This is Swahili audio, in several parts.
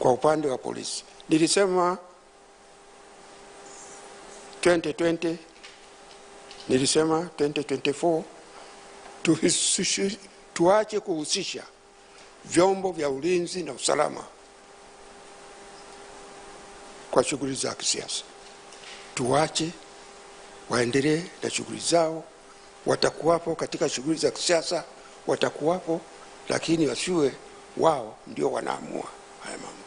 kwa upande wa polisi. Nilisema 2020 nilisema 2024 tuache kuhusisha vyombo vya ulinzi na usalama kwa shughuli za kisiasa. Tuwache waendelee na shughuli zao, watakuwapo katika shughuli za kisiasa, watakuwapo, lakini wasiwe wao ndio wanaamua haya mambo.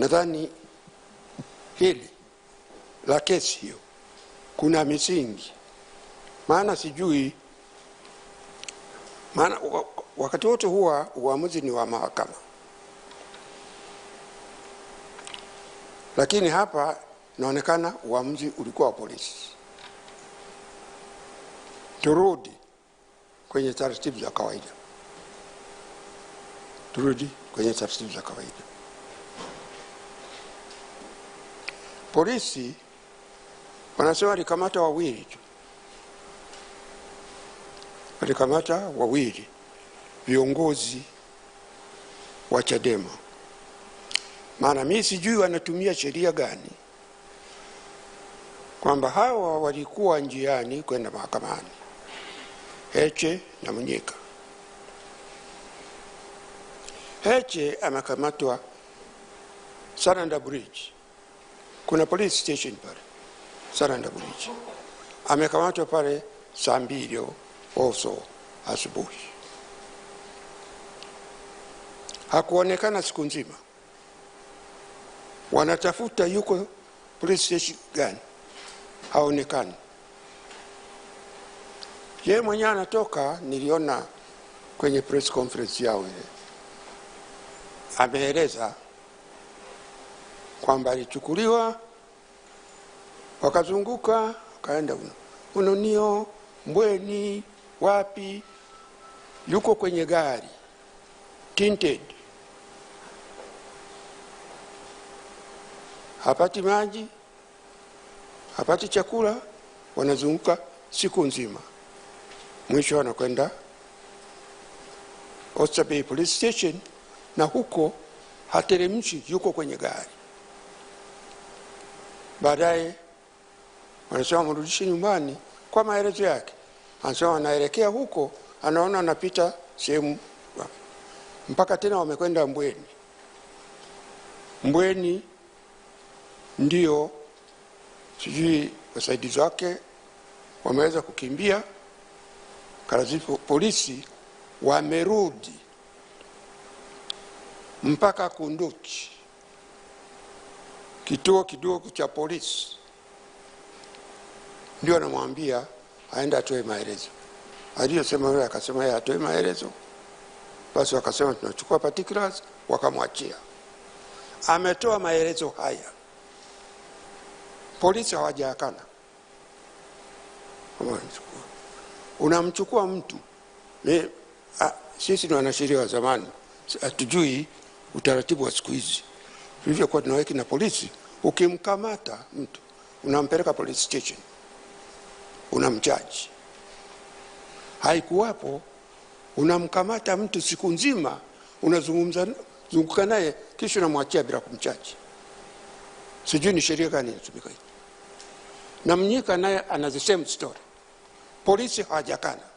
nadhani hili la kesi hiyo kuna misingi, maana sijui, maana wakati wote huwa uamuzi ni wa mahakama, lakini hapa inaonekana uamuzi ulikuwa wa polisi. Turudi kwenye taratibu za kawaida, turudi kwenye taratibu za kawaida. Polisi wanasema walikamata wawili tu, walikamata wawili viongozi wa Chadema. Maana mimi sijui wanatumia sheria gani, kwamba hawa walikuwa njiani kwenda mahakamani, Heche na Mnyika. Heche amekamatwa Sanada Bridge kuna police station pale Saranda Bridge, amekamatwa pale saa mbili oso asubuhi, hakuonekana siku nzima, wanatafuta yuko police station gani, haonekani. ye mwenyewe anatoka, niliona kwenye press conference yao ile ameeleza kwamba alichukuliwa wakazunguka wakaenda uno mbweni wapi yuko kwenye gari tinted hapati maji hapati chakula wanazunguka siku nzima mwisho wanakwenda Oysterbay police station na huko hateremshi yuko kwenye gari baadaye wanasema mrudishe nyumbani kwa maelezo yake anasema anaelekea huko anaona anapita sehemu mpaka tena wamekwenda mbweni mbweni ndio sijui wasaidizi wake wameweza kukimbia karazipo polisi wamerudi mpaka kunduchi kituo kidogo cha polisi ndio anamwambia aende atoe maelezo aliyosema yule akasema yeye atoe maelezo basi wakasema tunachukua particulars wakamwachia ametoa maelezo haya polisi hawajaakana unamchukua mtu Me, a, sisi ni wanasheria wa zamani hatujui utaratibu wa siku hizi vilivyokuwa tunaweki na polisi Ukimkamata mtu unampeleka police station, unamchaji. Haikuwapo unamkamata mtu siku nzima, unazungumza zunguka naye, kisha unamwachia bila kumchaji. Sijui ni sheria gani inatumika hii. Na Mnyika naye ana the same story, polisi hawajakana